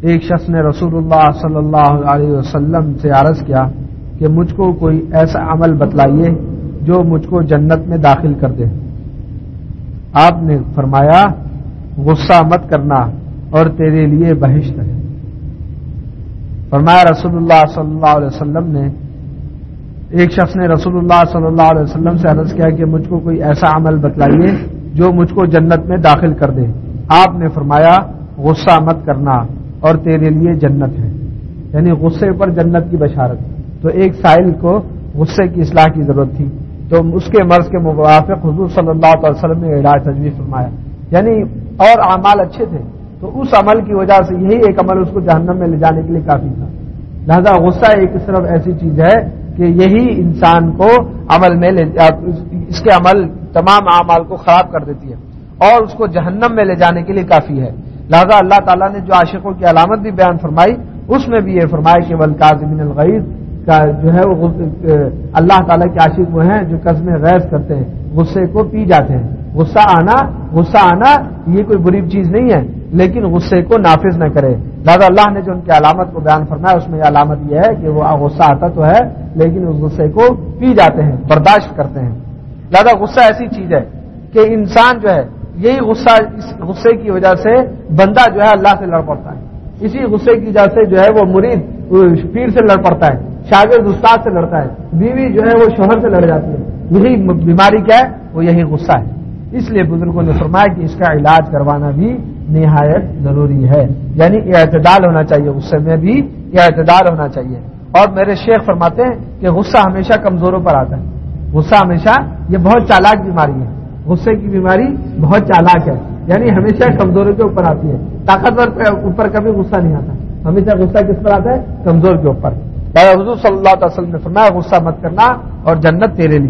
ایک شخص نے رسول اللہ صلی اللہ علیہ وسلم سے عرض کیا کہ مجھ کو کوئی ایسا عمل بتلائیے جو مجھ کو جنت میں داخل کر دے آپ نے فرمایا غصہ مت کرنا اور تیرے لیے بہشت ہے فرمایا رسول اللہ صلی اللہ علیہ وسلم نے ایک شخص نے رسول اللہ صلی اللہ علیہ وسلم سے عرض کیا کہ مجھ کو کوئی ایسا عمل بتلائیے جو مجھ کو جنت میں داخل کر دے آپ نے فرمایا غصہ مت کرنا اور تیرے لیے جنت ہے یعنی غصے پر جنت کی بشارت تو ایک سائل کو غصے کی اصلاح کی ضرورت تھی تو اس کے مرض کے موافق حضور صلی اللہ علیہ وسلم نے علاج تجویز فرمایا یعنی اور اعمال اچھے تھے تو اس عمل کی وجہ سے یہی ایک عمل اس کو جہنم میں لے جانے کے لیے کافی تھا لہذا غصہ ایک صرف ایسی چیز ہے کہ یہی انسان کو عمل میں لے اس کے عمل تمام اعمال کو خراب کر دیتی ہے اور اس کو جہنم میں لے جانے کے لیے کافی ہے لہذا اللہ تعالیٰ نے جو عاشقوں کی علامت بھی بیان فرمائی اس میں بھی یہ فرمایا کہ ولقاظمین قاضم کا جو ہے وہ اللہ تعالیٰ کے عاشق وہ ہیں جو قزم غیر کرتے ہیں غصے کو پی جاتے ہیں غصہ آنا غصہ آنا یہ کوئی بری چیز نہیں ہے لیکن غصے کو نافذ نہ کرے لہٰذا اللہ نے جو ان کی علامت کو بیان فرمایا اس میں یہ علامت یہ ہے کہ وہ غصہ آتا تو ہے لیکن اس غصے کو پی جاتے ہیں برداشت کرتے ہیں لہٰذا غصہ ایسی چیز ہے کہ انسان جو ہے یہی غصہ اس غصے کی وجہ سے بندہ جو ہے اللہ سے لڑ پڑتا ہے اسی غصے کی وجہ سے جو ہے وہ مرید پیر سے لڑ پڑتا ہے شاگرد استاد سے لڑتا ہے بیوی جو ہے وہ شوہر سے لڑ جاتی ہے یہی بیماری کیا ہے وہ یہی غصہ ہے اس لیے بزرگوں نے فرمایا کہ اس کا علاج کروانا بھی نہایت ضروری ہے یعنی اعتدال ہونا چاہیے غصے میں بھی اعتدال ہونا چاہیے اور میرے شیخ فرماتے ہیں کہ غصہ ہمیشہ کمزوروں پر آتا ہے غصہ ہمیشہ یہ بہت چالاک بیماری ہے غصے کی بیماری بہت چالاک ہے یعنی ہمیشہ کمزوروں کے اوپر آتی ہے طاقتور اوپر کبھی غصہ نہیں آتا ہمیشہ غصہ کس پر آتا ہے کمزور کے اوپر حضور صلی اللہ علیہ وسلم نے فرمایا غصہ مت کرنا اور جنت تیرے لیے